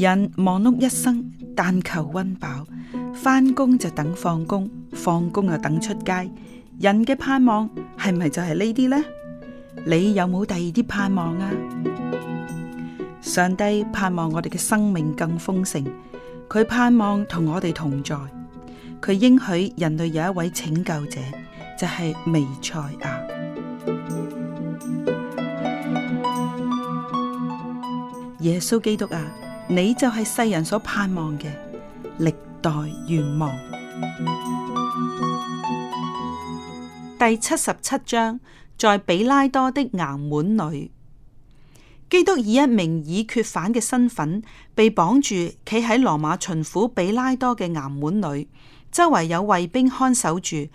人忙碌一生，但求溫飽，翻工就等放工，放工又等出街。人嘅盼望係咪就係呢啲呢？你有冇第二啲盼望啊？上帝盼望我哋嘅生命更豐盛，佢盼望同我哋同在，佢應許人類有一位拯救者，就係彌賽亞耶穌基督啊！你就係世人所盼望嘅歷代願望。第七十七章，在彼拉多的衙門裏，基督以一名已決犯嘅身份被綁住，企喺羅馬巡撫彼拉多嘅衙門裏，周圍有衛兵看守住。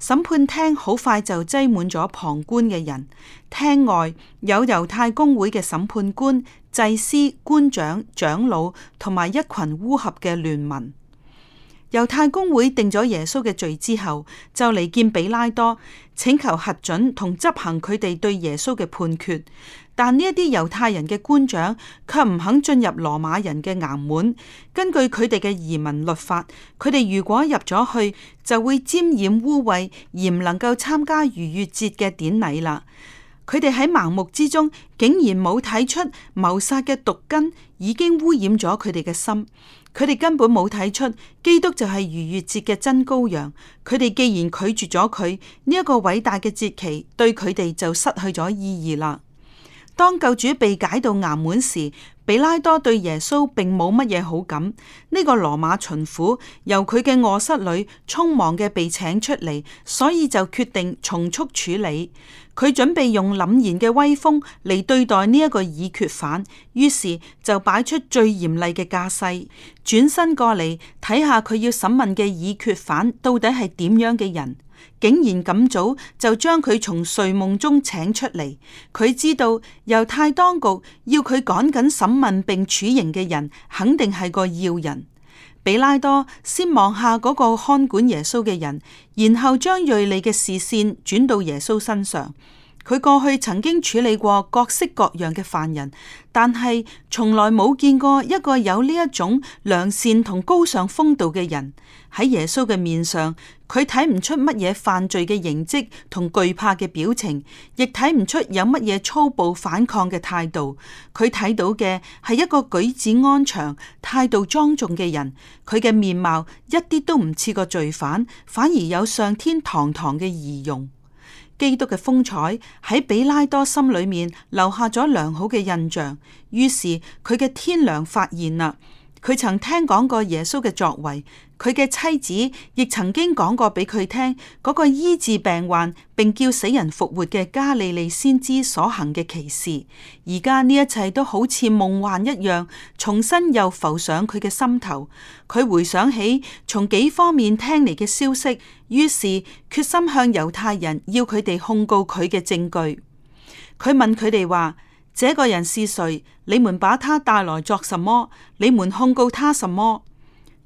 審判廳好快就擠滿咗旁觀嘅人，廳外有猶太公會嘅審判官。祭司、官長、長老同埋一群烏合嘅聯盟，猶太公會定咗耶穌嘅罪之後，就嚟見彼拉多，請求核准同執行佢哋對耶穌嘅判決。但呢一啲猶太人嘅官長卻唔肯進入羅馬人嘅衙門。根據佢哋嘅移民律法，佢哋如果入咗去，就會沾染污穢，而唔能夠參加逾越節嘅典禮啦。佢哋喺盲目之中，竟然冇睇出謀殺嘅毒根已經污染咗佢哋嘅心。佢哋根本冇睇出基督就係逾越節嘅真羔羊。佢哋既然拒絕咗佢，呢一個偉大嘅節期，對佢哋就失去咗意義啦。當救主被解到衙門時，比拉多對耶穌並冇乜嘢好感。呢、這個羅馬巡撫由佢嘅卧室裏匆忙嘅被請出嚟，所以就決定從速處理。佢準備用凛然嘅威風嚟對待呢一個已決犯，於是就擺出最嚴厲嘅架勢，轉身過嚟睇下佢要審問嘅已決犯到底係點樣嘅人。竟然咁早就將佢從睡夢中請出嚟，佢知道猶太當局要佢趕緊審問並處刑嘅人，肯定係個要人。比拉多先望下嗰個看管耶穌嘅人，然後將銳利嘅視線轉到耶穌身上。佢過去曾經處理過各式各樣嘅犯人，但係從來冇見過一個有呢一種良善同高尚風度嘅人。喺耶穌嘅面上，佢睇唔出乜嘢犯罪嘅形跡同懼怕嘅表情，亦睇唔出有乜嘢粗暴反抗嘅態度。佢睇到嘅係一個舉止安詳、態度莊重嘅人。佢嘅面貌一啲都唔似個罪犯，反而有上天堂堂嘅儀容。基督嘅風采喺彼拉多心裏面留下咗良好嘅印象，於是佢嘅天良發現啦。佢曾聽講過耶穌嘅作為，佢嘅妻子亦曾經講過畀佢聽嗰個醫治病患並叫死人復活嘅加利利先知所行嘅奇事。而家呢一切都好似夢幻一樣，重新又浮上佢嘅心頭。佢回想起從幾方面聽嚟嘅消息，於是決心向猶太人要佢哋控告佢嘅證據。佢問佢哋話。.這個人是誰？你們把他帶來作什麼？你們控告他什麼？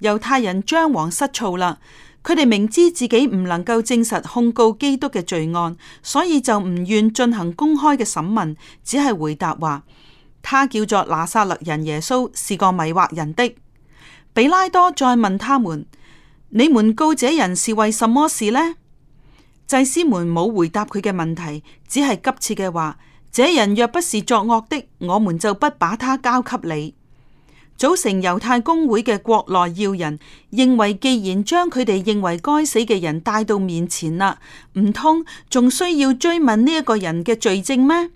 猶太人張皇失措啦！佢哋明知自己唔能夠證實控告基督嘅罪案，所以就唔願進行公開嘅審問，只係回答話：他叫做拿撒勒人耶穌，是個迷惑人的。比拉多再問他們：你們告這人是為什麼事呢？祭司們冇回答佢嘅問題，只係急切嘅話。這人若不是作惡的，我們就不把他交給你。組成猶太公會嘅國內要人認為，既然將佢哋認為該死嘅人帶到面前啦，唔通仲需要追問呢一個人嘅罪證咩？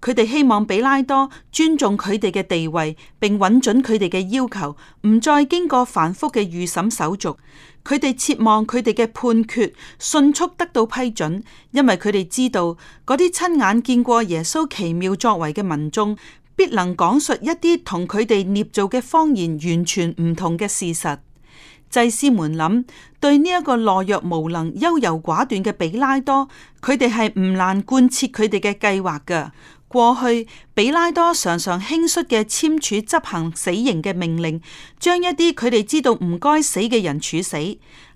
佢哋希望彼拉多尊重佢哋嘅地位，並穩準佢哋嘅要求，唔再經過繁複嘅預審手續。佢哋切望佢哋嘅判決迅速得到批准，因為佢哋知道嗰啲親眼見過耶穌奇妙作為嘅民眾，必能講述一啲同佢哋捏造嘅謊言完全唔同嘅事實。祭司們諗，對呢一個懦弱無能、優柔寡斷嘅比拉多，佢哋係唔難貫徹佢哋嘅計劃㗎。過去比拉多常常輕率嘅簽署執行死刑嘅命令，將一啲佢哋知道唔該死嘅人處死。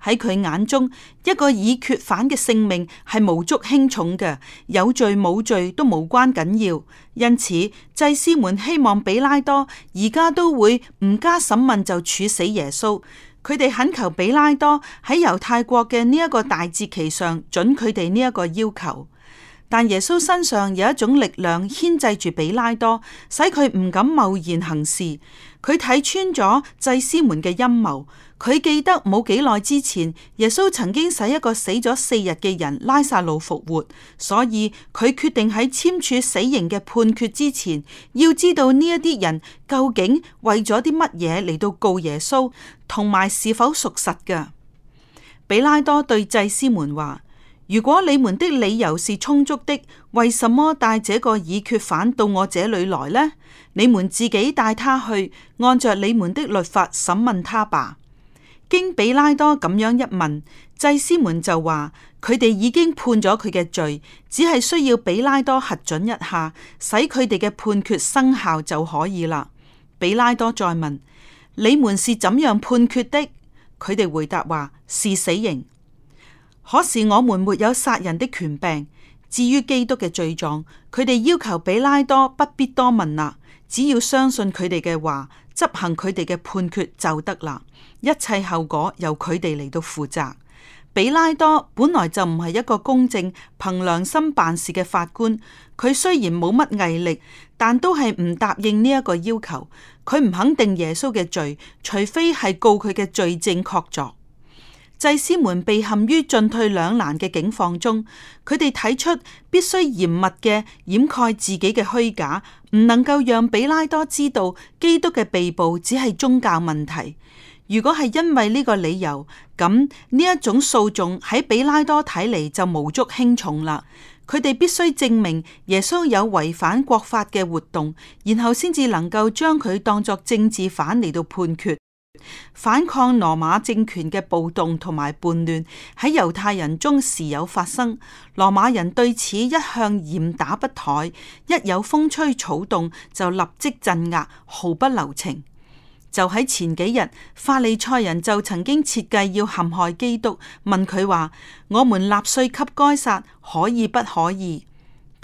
喺佢眼中，一個已決犯嘅性命係無足輕重嘅，有罪冇罪都無關緊要。因此，祭司們希望比拉多而家都會唔加審問就處死耶穌。佢哋懇求比拉多喺猶太國嘅呢一個大節期上准佢哋呢一個要求。但耶穌身上有一種力量牽制住比拉多，使佢唔敢貿然行事。佢睇穿咗祭司們嘅陰謀，佢記得冇幾耐之前，耶穌曾經使一個死咗四日嘅人拉撒路復活，所以佢決定喺簽署死刑嘅判決之前，要知道呢一啲人究竟為咗啲乜嘢嚟到告耶穌，同埋是否屬實㗎。比拉多對祭司們話。如果你們的理由是充足的，為什麼帶這個已決犯到我這裏來呢？你們自己帶他去，按着你們的律法審問他吧。經比拉多咁樣一問，祭司們就話佢哋已經判咗佢嘅罪，只係需要比拉多核准一下，使佢哋嘅判決生效就可以啦。比拉多再問：你們是怎樣判決的？佢哋回答話是死刑。可是我們沒有殺人的權柄。至於基督嘅罪狀，佢哋要求彼拉多不必多問啦，只要相信佢哋嘅話，執行佢哋嘅判決就得啦。一切後果由佢哋嚟到負責。彼拉多本來就唔係一個公正、憑良心辦事嘅法官，佢雖然冇乜毅力，但都係唔答應呢一個要求。佢唔肯定耶穌嘅罪，除非係告佢嘅罪證確鑿。祭司們被陷於進退兩難嘅境況中，佢哋睇出必須嚴密嘅掩蓋自己嘅虛假，唔能夠讓彼拉多知道基督嘅被捕只係宗教問題。如果係因為呢個理由，咁呢一種訴訟喺彼拉多睇嚟，就無足輕重啦。佢哋必須證明耶穌有違反國法嘅活動，然後先至能夠將佢當作政治犯嚟到判決。反抗羅馬政權嘅暴動同埋叛亂喺猶太人中時有發生，羅馬人對此一向嚴打不怠，一有風吹草動就立即鎮壓，毫不留情。就喺前幾日，法利賽人就曾經設計要陷害基督，問佢話：我們納稅給該撒可以不可以？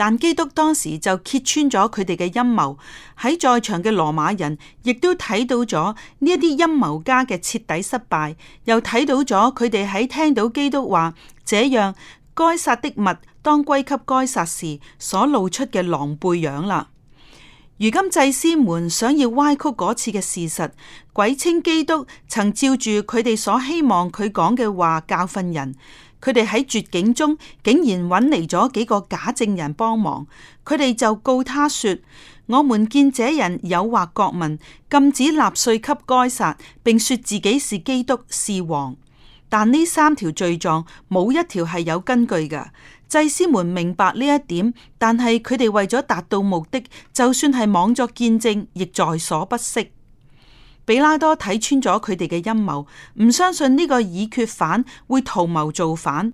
但基督當時就揭穿咗佢哋嘅陰謀，喺在，在場嘅羅馬人亦都睇到咗呢一啲陰謀家嘅徹底失敗，又睇到咗佢哋喺聽到基督話這樣該撒的物當歸給該撒時所露出嘅狼狽樣啦。如今祭司們想要歪曲嗰次嘅事實，詭稱基督曾照住佢哋所希望佢講嘅話教訓人。佢哋喺絕境中，竟然揾嚟咗幾個假證人幫忙。佢哋就告他說：「我們見這人誘惑國民，禁止納稅給該撒，並說自己是基督，是王」。但呢三條罪狀冇一條係有根據噶。祭司們明白呢一點，但係佢哋為咗達到目的，就算係妄作見證，亦在所不惜。比拉多睇穿咗佢哋嘅陰謀，唔相信呢個已決犯會圖謀造反。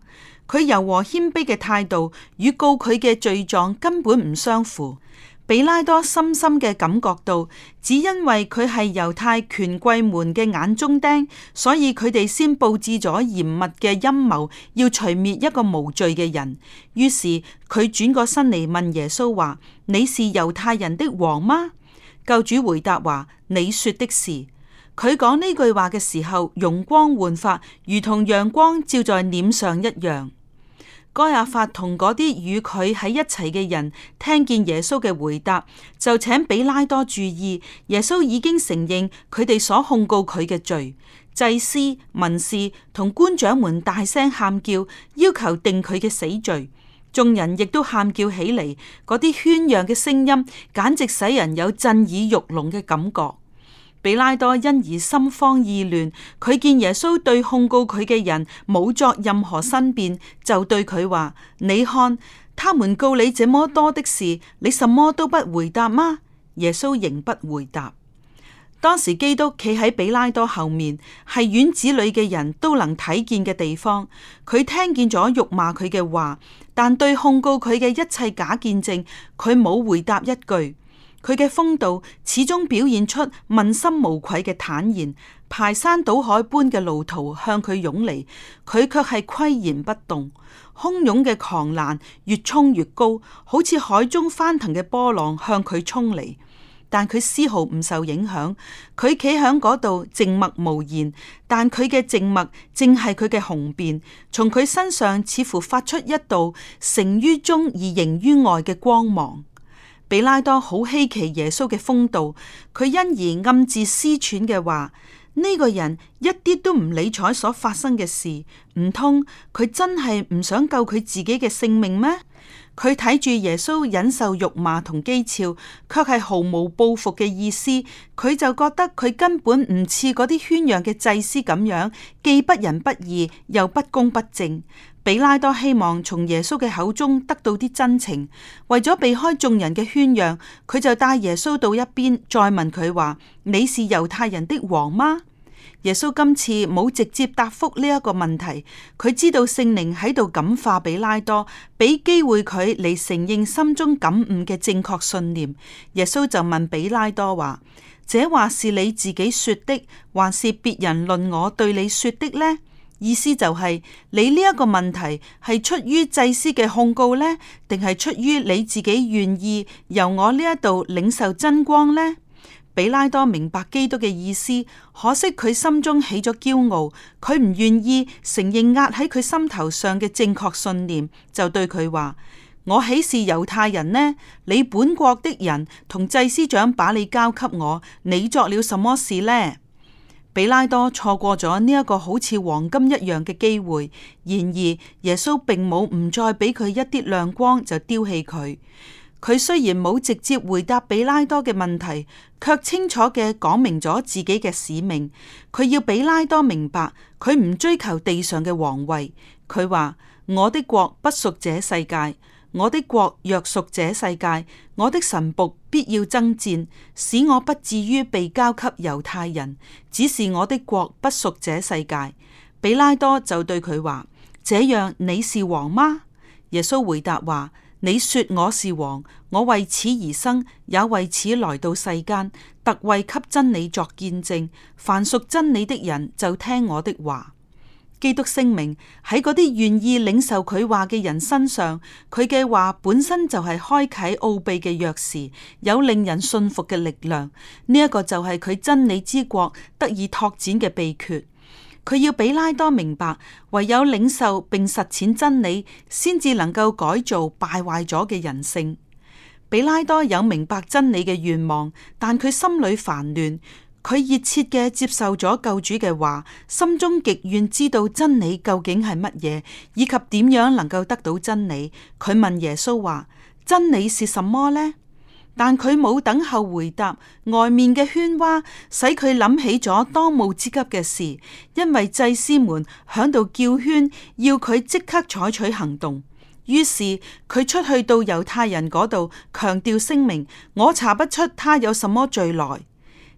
佢柔和謙卑嘅態度與告佢嘅罪狀根本唔相符。比拉多深深嘅感覺到，只因為佢係猶太權貴們嘅眼中釘，所以佢哋先布置咗嚴密嘅陰謀，要除滅一個無罪嘅人。於是佢轉過身嚟問耶穌話：你是猶太人的王嗎？救主回答話：你說的是。佢講呢句話嘅時候，容光煥發，如同陽光照在臉上一樣。該亞法同嗰啲與佢喺一齊嘅人聽見耶穌嘅回答，就請比拉多注意，耶穌已經承認佢哋所控告佢嘅罪。祭司、文士同官長們大聲喊叫，要求定佢嘅死罪。眾人亦都喊叫起嚟，嗰啲喧嚷嘅聲音簡直使人有震耳欲聾嘅感覺。比拉多因而心慌意亂，佢見耶穌對控告佢嘅人冇作任何申辯，就對佢話：「你看，他們告你這麼多的事，你什麼都不回答嗎？」耶穌仍不回答。當時基督企喺比拉多後面，係院子裏嘅人都能睇見嘅地方，佢聽見咗辱罵佢嘅話。但對控告佢嘅一切假見證，佢冇回答一句。佢嘅風度始終表現出問心無愧嘅坦然。排山倒海般嘅路途向佢湧嚟，佢卻係巋然不動。洶湧嘅狂瀾越衝越高，好似海中翻騰嘅波浪向佢衝嚟。但佢絲毫唔受影響，佢企響嗰度靜默無言。但佢嘅靜默正係佢嘅雄辯，從佢身上似乎發出一道成於中而形於外嘅光芒。比拉多好稀奇耶穌嘅風度，佢因而暗自思忖嘅話，呢個人一啲都唔理睬所發生嘅事，唔通佢真係唔想救佢自己嘅性命咩？佢睇住耶穌忍受辱罵同譏誚，卻係毫無報復嘅意思，佢就覺得佢根本唔似嗰啲喧嚷嘅祭司咁樣，既不仁不義又不公不正。比拉多希望從耶穌嘅口中得到啲真情，為咗避開眾人嘅喧嚷，佢就帶耶穌到一邊，再問佢話：你是猶太人的王嗎？耶穌今次冇直接答覆呢一個問題，佢知道聖靈喺度感化比拉多，俾機會佢嚟承認心中感悟嘅正確信念。耶穌就問比拉多話：「這話是你自己說的，還是別人論我對你說的呢？」意思就係、是、你呢一個問題係出於祭司嘅控告呢，定係出於你自己願意由我呢一度領受真光呢？彼拉多明白基督嘅意思，可惜佢心中起咗驕傲，佢唔願意承認壓喺佢心頭上嘅正確信念，就對佢話：我豈是猶太人呢，你本國的人同祭司長把你交給我，你作了什麼事呢？彼拉多錯過咗呢一個好似黃金一樣嘅機會，然而耶穌並冇唔再俾佢一啲亮光就丟棄佢。佢雖然冇直接回答比拉多嘅問題，却清楚嘅講明咗自己嘅使命。佢要比拉多明白，佢唔追求地上嘅皇位。佢話：我的國不屬這世界，我的國若屬這世界，我的臣僕必要爭戰，使我不至於被交給猶太人。只是我的國不屬這世界。比拉多就對佢話：這樣你是王嗎？耶穌回答話。你說我是王，我為此而生，也為此來到世間，特為給真理作見證。凡屬真理的人就聽我的話。基督聲明，喺嗰啲願意領受佢話嘅人身上，佢嘅話本身就係開啟奧秘嘅鑰匙，有令人信服嘅力量。呢、這、一個就係佢真理之國得以拓展嘅秘訣。佢要彼拉多明白，唯有領受並實踐真理，先至能夠改造敗壞咗嘅人性。彼拉多有明白真理嘅願望，但佢心裏煩亂。佢熱切嘅接受咗救主嘅話，心中極願知道真理究竟係乜嘢，以及點樣能夠得到真理。佢問耶穌話：真理是什麼呢？但佢冇等候回答，外面嘅喧嘩使佢諗起咗當務之急嘅事，因為祭司們響度叫圈，要佢即刻採取行動。於是佢出去到猶太人嗰度，強調聲明：我查不出他有什麼罪來。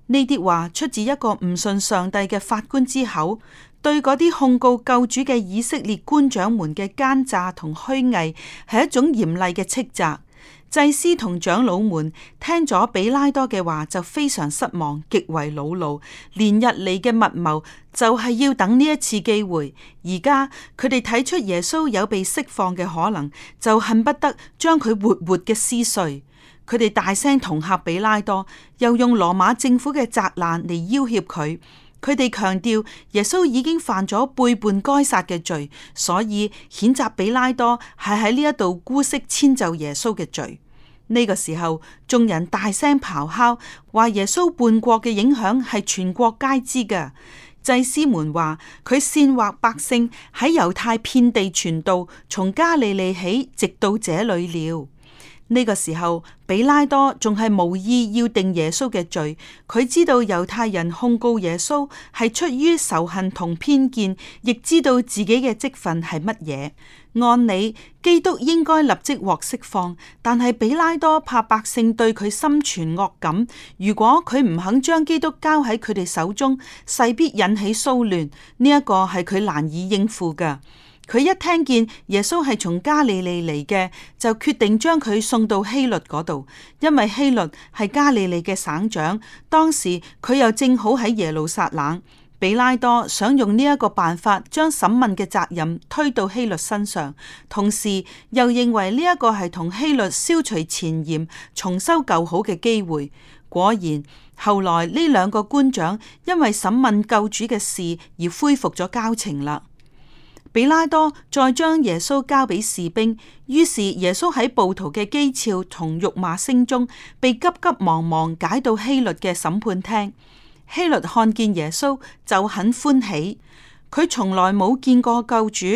呢啲話出自一個唔信上帝嘅法官之口，對嗰啲控告救主嘅以色列官長們嘅奸詐同虛偽，係一種嚴厲嘅斥責。祭司同長老們聽咗比拉多嘅話，就非常失望，極為惱怒。連日嚟嘅密謀就係要等呢一次機會，而家佢哋睇出耶穌有被釋放嘅可能，就恨不得將佢活活嘅撕碎。佢哋大聲恫嚇比拉多，又用羅馬政府嘅責難嚟要挾佢。佢哋強調耶穌已經犯咗背叛該殺嘅罪，所以譴責彼拉多係喺呢一度姑息遷就耶穌嘅罪。呢個時候，眾人大聲咆哮，話耶穌叛國嘅影響係全國皆知嘅。祭司們話佢煽惑百姓喺猶太遍地傳道，從加利利起直到這裏了。呢個時候，比拉多仲係無意要定耶穌嘅罪。佢知道猶太人控告耶穌係出於仇恨同偏見，亦知道自己嘅職分係乜嘢。按理，基督應該立即獲釋放，但係比拉多怕百姓對佢心存惡感。如果佢唔肯將基督交喺佢哋手中，勢必引起騷亂。呢、這、一個係佢難以應付嘅。佢一聽見耶穌係從加利利嚟嘅，就決定將佢送到希律嗰度，因為希律係加利利嘅省長，當時佢又正好喺耶路撒冷。比拉多想用呢一個辦法將審問嘅責任推到希律身上，同時又認為呢一個係同希律消除前嫌，重修舊好嘅機會。果然，後來呢兩個官長因為審問救主嘅事而恢復咗交情啦。比拉多再將耶穌交俾士兵，於是耶穌喺暴徒嘅譏笑同辱罵聲中，被急急忙忙解到希律嘅審判廳。希律看見耶穌就很歡喜，佢從來冇見過救主，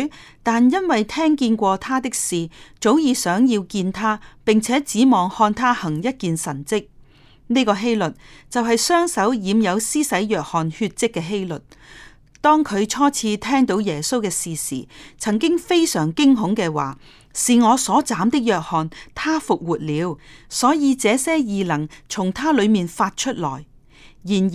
但因為聽見過他的事，早已想要見他，並且指望看他行一件神迹。呢、這個希律就係雙手染有施洗約翰血迹嘅希律。當佢初次聽到耶穌嘅事時，曾經非常驚恐嘅話：是我所斬的約翰，他復活了，所以這些異能從他裏面發出來。然而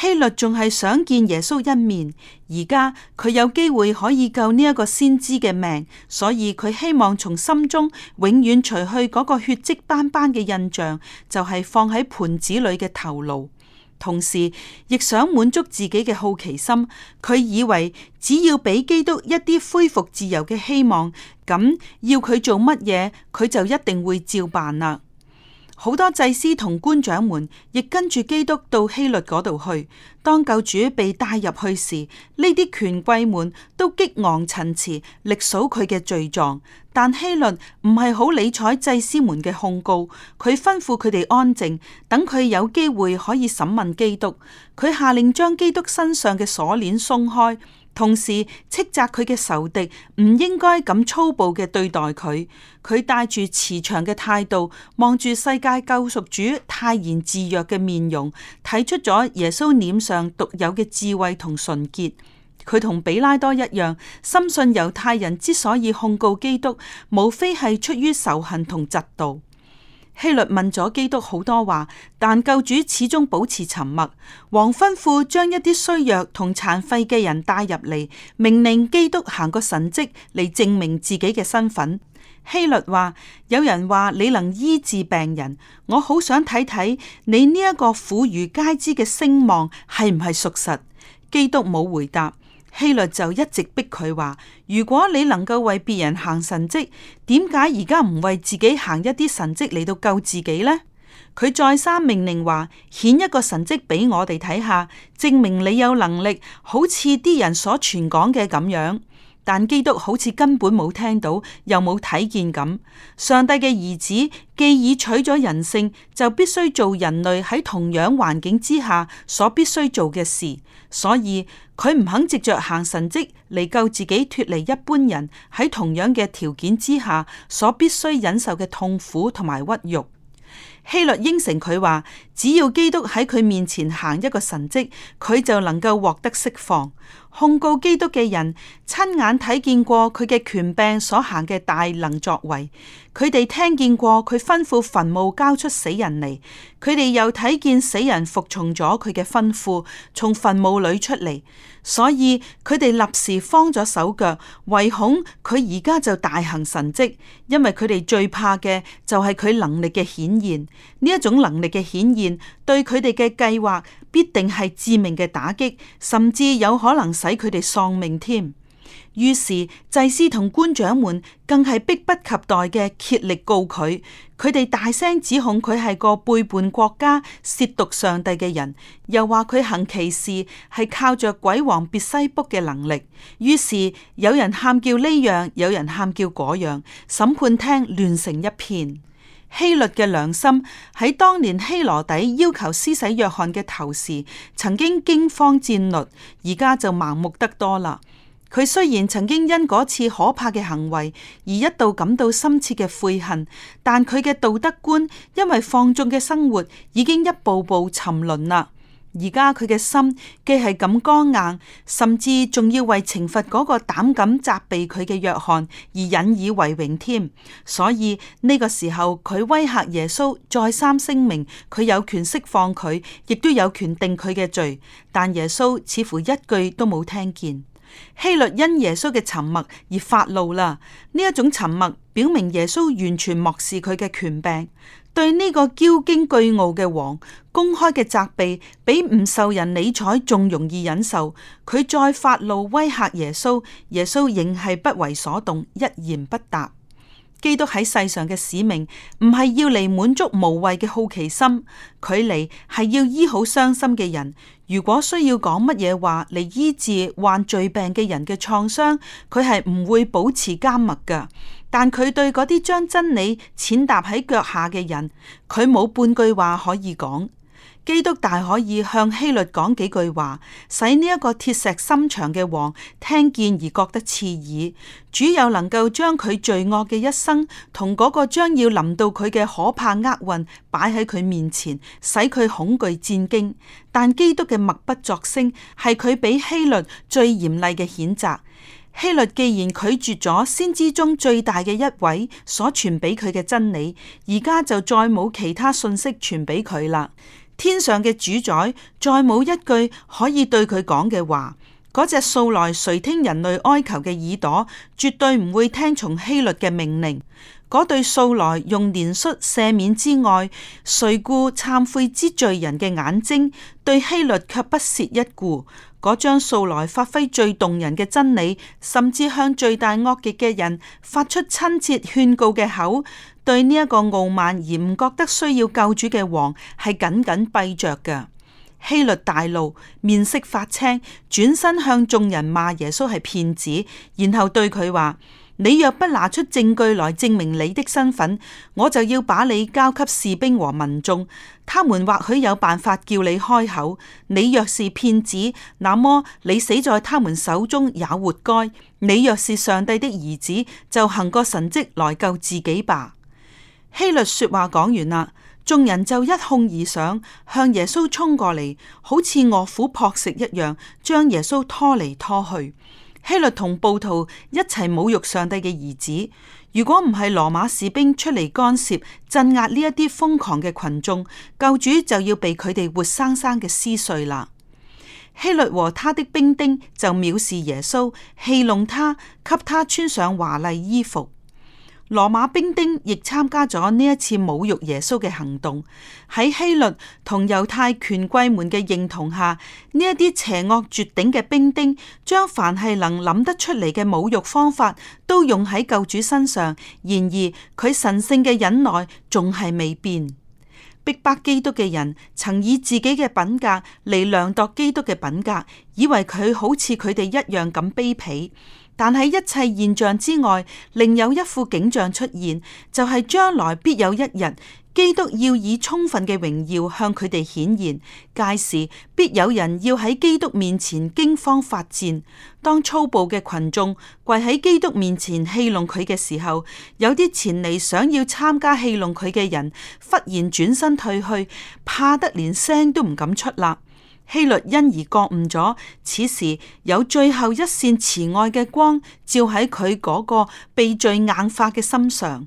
希律仲係想見耶穌一面，而家佢有機會可以救呢一個先知嘅命，所以佢希望從心中永遠除去嗰個血跡斑斑嘅印象，就係、是、放喺盤子裏嘅頭顱。同時，亦想滿足自己嘅好奇心，佢以為只要畀基督一啲恢復自由嘅希望，咁要佢做乜嘢，佢就一定會照辦啦。好多祭司同官長們亦跟住基督到希律嗰度去。當救主被帶入去時，呢啲權貴們都激昂陳詞，力數佢嘅罪狀。但希律唔係好理睬祭司們嘅控告，佢吩咐佢哋安靜，等佢有機會可以審問基督。佢下令將基督身上嘅鎖鏈鬆開。同時斥責佢嘅仇敵唔應該咁粗暴嘅對待佢，佢帶住慈祥嘅態度望住世界救贖主泰然自若嘅面容，睇出咗耶穌臉上獨有嘅智慧同純潔。佢同比拉多一樣，深信猶太人之所以控告基督，無非係出於仇恨同嫉妒。希律問咗基督好多話，但救主始終保持沉默。王吩咐將一啲衰弱同殘廢嘅人帶入嚟，命令基督行個神跡嚟證明自己嘅身份。希律話：有人話你能醫治病人，我好想睇睇你呢一個婦孺皆知嘅聲望係唔係屬實。基督冇回答。希律就一直逼佢話：如果你能夠為別人行神蹟，點解而家唔為自己行一啲神蹟嚟到救自己呢？佢再三命令話：顯一個神蹟俾我哋睇下，證明你有能力，好似啲人所傳講嘅咁樣。但基督好似根本冇聽到，又冇睇見咁。上帝嘅兒子既已取咗人性，就必須做人類喺同樣環境之下所必須做嘅事。所以佢唔肯藉著行神蹟嚟救自己脫離一般人喺同樣嘅條件之下所必須忍受嘅痛苦同埋屈辱。希律應承佢話。只要基督喺佢面前行一個神蹟，佢就能夠獲得釋放。控告基督嘅人親眼睇見過佢嘅權柄所行嘅大能作為，佢哋聽見過佢吩咐墳墓交出死人嚟，佢哋又睇見死人服從咗佢嘅吩咐，從墳墓裏出嚟。所以佢哋立時慌咗手腳，唯恐佢而家就大行神蹟，因為佢哋最怕嘅就係佢能力嘅顯現，呢一種能力嘅顯現。對佢哋嘅計劃必定係致命嘅打擊，甚至有可能使佢哋喪命添。於是祭司同官長們更係迫不及待嘅竭力告佢，佢哋大聲指控佢係個背叛國家、褻瀆上帝嘅人，又話佢行奇事係靠着鬼王別西卜嘅能力。於是有人喊叫呢樣，有人喊叫嗰樣，審判廳亂成一片。希律嘅良心喺當年希羅底要求施洗約翰嘅頭時，曾經驚慌戰栗，而家就盲目得多啦。佢雖然曾經因嗰次可怕嘅行為而一度感到深切嘅悔恨，但佢嘅道德觀因為放縱嘅生活已經一步步沉淪啦。而家佢嘅心既係咁光硬，甚至仲要為懲罰嗰個膽敢責備佢嘅約翰而引以為榮添。所以呢個時候佢威嚇耶穌，再三聲明佢有權釋放佢，亦都有權定佢嘅罪。但耶穌似乎一句都冇聽見。希律因耶穌嘅沉默而發怒啦。呢一種沉默表明耶穌完全漠視佢嘅權柄。對呢個驕矜倨傲嘅王，公開嘅責備，比唔受人理睬仲容易忍受。佢再發怒威嚇耶穌，耶穌仍係不為所動，一言不答。基督喺世上嘅使命，唔係要嚟滿足無謂嘅好奇心，佢嚟係要醫好傷心嘅人。如果需要講乜嘢話嚟醫治患罪病嘅人嘅創傷，佢係唔會保持緘默㗎。但佢對嗰啲將真理踐踏喺腳下嘅人，佢冇半句話可以講。基督大可以向希律講幾句話，使呢一個鐵石心腸嘅王聽見而覺得刺耳。主有能夠將佢罪惡嘅一生同嗰個將要臨到佢嘅可怕厄運擺喺佢面前，使佢恐懼戰驚。但基督嘅默不作聲，係佢俾希律最嚴厲嘅譴責。希律既然拒絕咗先知中最大嘅一位所傳俾佢嘅真理，而家就再冇其他信息傳俾佢啦。天上嘅主宰再冇一句可以對佢講嘅話。嗰隻素來垂聽人類哀求嘅耳朵，絕對唔會聽從希律嘅命令。嗰對素來用憐恤赦免之外垂顧懺悔之罪人嘅眼睛，對希律卻不屑一顧。嗰張素來發揮最動人嘅真理，甚至向最大惡極嘅人發出親切勸告嘅口，對呢一個傲慢而唔覺得需要救主嘅王，係緊緊閉着嘅。希律大怒，面色發青，轉身向眾人罵耶穌係騙子，然後對佢話。你若不拿出證據來證明你的身份，我就要把你交給士兵和民眾，他們或許有辦法叫你開口。你若是騙子，那麼你死在他們手中也活該。你若是上帝的兒子，就行個神跡來救自己吧。希律說話講完啦，眾人就一鬨而上，向耶穌衝過嚟，好似餓虎撲食一樣，將耶穌拖嚟拖去。希律同暴徒一齊侮辱上帝嘅兒子，如果唔係羅馬士兵出嚟干涉鎮壓呢一啲瘋狂嘅群眾，救主就要被佢哋活生生嘅撕碎啦。希律和他的兵丁就藐視耶穌，戲弄他，給他穿上華麗衣服。羅馬兵丁亦參加咗呢一次侮辱耶穌嘅行動，喺希律同猶太權貴們嘅認同下，呢一啲邪惡絕頂嘅兵丁，將凡係能諗得出嚟嘅侮辱方法，都用喺救主身上。然而佢神聖嘅忍耐仲係未變。逼迫基督嘅人，曾以自己嘅品格嚟量度基督嘅品格，以為佢好似佢哋一樣咁卑鄙。但喺一切現象之外，另有一副景象出現，就係將來必有一日，基督要以充分嘅榮耀向佢哋顯現。屆時必有人要喺基督面前驚慌發戰，當粗暴嘅群眾跪喺基督面前戲弄佢嘅時候，有啲前嚟想要參加戲弄佢嘅人，忽然轉身退去，怕得連聲都唔敢出啦。希律因而覺悟咗，此時有最後一線慈愛嘅光，照喺佢嗰個被罪硬化嘅心上。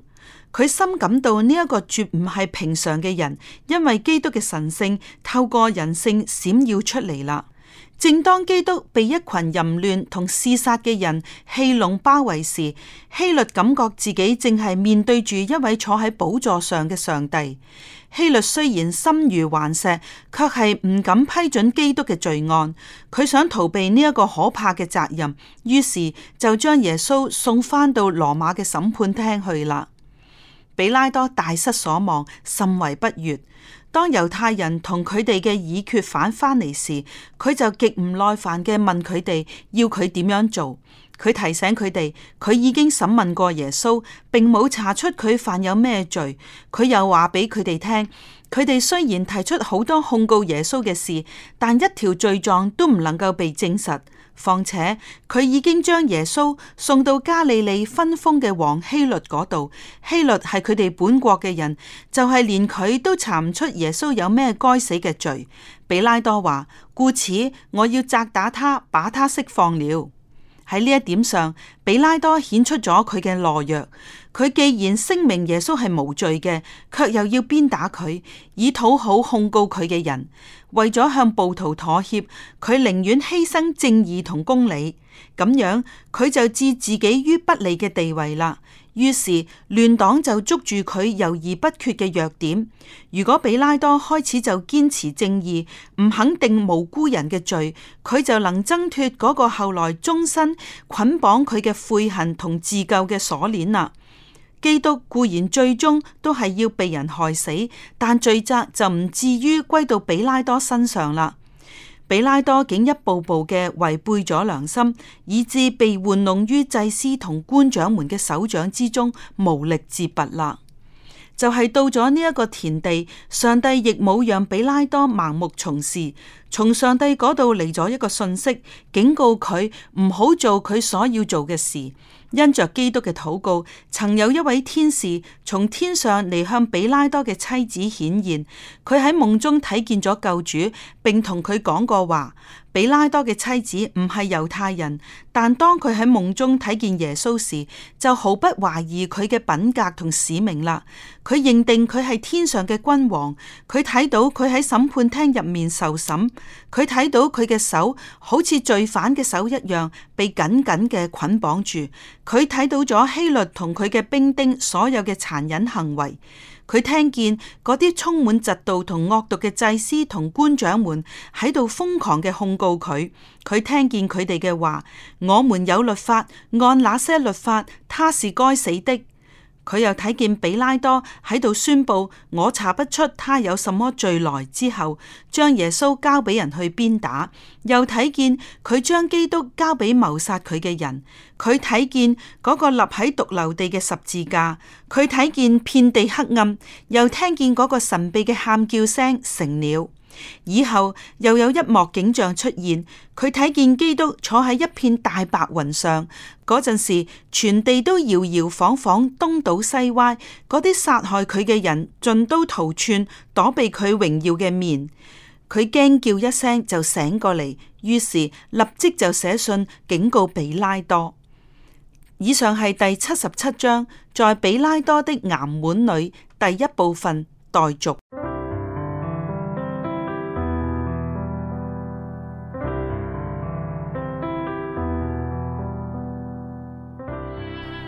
佢深感到呢一個絕唔係平常嘅人，因為基督嘅神性透過人性閃耀出嚟啦。正當基督被一群淫亂同嗜殺嘅人戲弄包圍時，希律感覺自己正係面對住一位坐喺寶座上嘅上帝。希律雖然心如頑石，卻係唔敢批准基督嘅罪案，佢想逃避呢一個可怕嘅責任，於是就將耶穌送翻到羅馬嘅審判廳去啦。比拉多大失所望，甚為不悅。當猶太人同佢哋嘅已決犯翻嚟時，佢就極唔耐煩嘅問佢哋要佢點樣做。佢提醒佢哋，佢已經審問過耶穌，並冇查出佢犯有咩罪。佢又話俾佢哋聽，佢哋雖然提出好多控告耶穌嘅事，但一條罪狀都唔能夠被證實。況且佢已經將耶穌送到加利利分封嘅王希律嗰度，希律係佢哋本國嘅人，就係連佢都查唔出耶穌有咩該死嘅罪。比拉多話：故此我要責打他，把他釋放了。喺呢一點上，比拉多顯出咗佢嘅懦弱。佢既然聲明耶穌係無罪嘅，卻又要鞭打佢，以討好控告佢嘅人。為咗向暴徒妥協，佢寧願犧牲正義同公理。咁樣，佢就置自己於不利嘅地位啦。於是亂黨就捉住佢猶豫不決嘅弱點。如果比拉多開始就堅持正義，唔肯定無辜人嘅罪，佢就能掙脫嗰個後來終身捆綁佢嘅悔恨同自救嘅鎖鏈啦。基督固然最終都係要被人害死，但罪責就唔至於歸到比拉多身上啦。比拉多竟一步步嘅違背咗良心，以致被玩弄於祭司同官長們嘅手掌之中，無力自拔啦。就係到咗呢一個田地，上帝亦冇讓比拉多盲目從事。從上帝嗰度嚟咗一個信息，警告佢唔好做佢所要做嘅事。因着基督嘅禱告，曾有一位天使從天上嚟向比拉多嘅妻子顯現，佢喺夢中睇見咗救主，並同佢講過話。比拉多嘅妻子唔係猶太人，但當佢喺夢中睇見耶穌時，就毫不懷疑佢嘅品格同使命啦。佢認定佢係天上嘅君王，佢睇到佢喺審判廳入面受審，佢睇到佢嘅手好似罪犯嘅手一樣被緊緊嘅捆綁住，佢睇到咗希律同佢嘅兵丁所有嘅殘忍行為。佢聽見嗰啲充滿嫉妒同惡毒嘅祭司同官長們喺度瘋狂嘅控告佢，佢聽見佢哋嘅話：「我們有律法，按那些律法，他是該死的。」佢又睇見比拉多喺度宣布我查不出他有什麼罪來之後，將耶穌交俾人去鞭打。又睇見佢將基督交俾謀殺佢嘅人。佢睇見嗰個立喺髑髏地嘅十字架。佢睇見遍地黑暗，又聽見嗰個神秘嘅喊叫聲。成了。以後又有一幕景象出現，佢睇見基督坐喺一片大白雲上，嗰陣時全地都搖搖晃晃，東倒西歪，嗰啲殺害佢嘅人盡都逃竄躲避佢榮耀嘅面。佢驚叫一聲就醒過嚟，於是立即就寫信警告彼拉多。以上係第七十七章，在彼拉多的岩門裏，第一部分待續。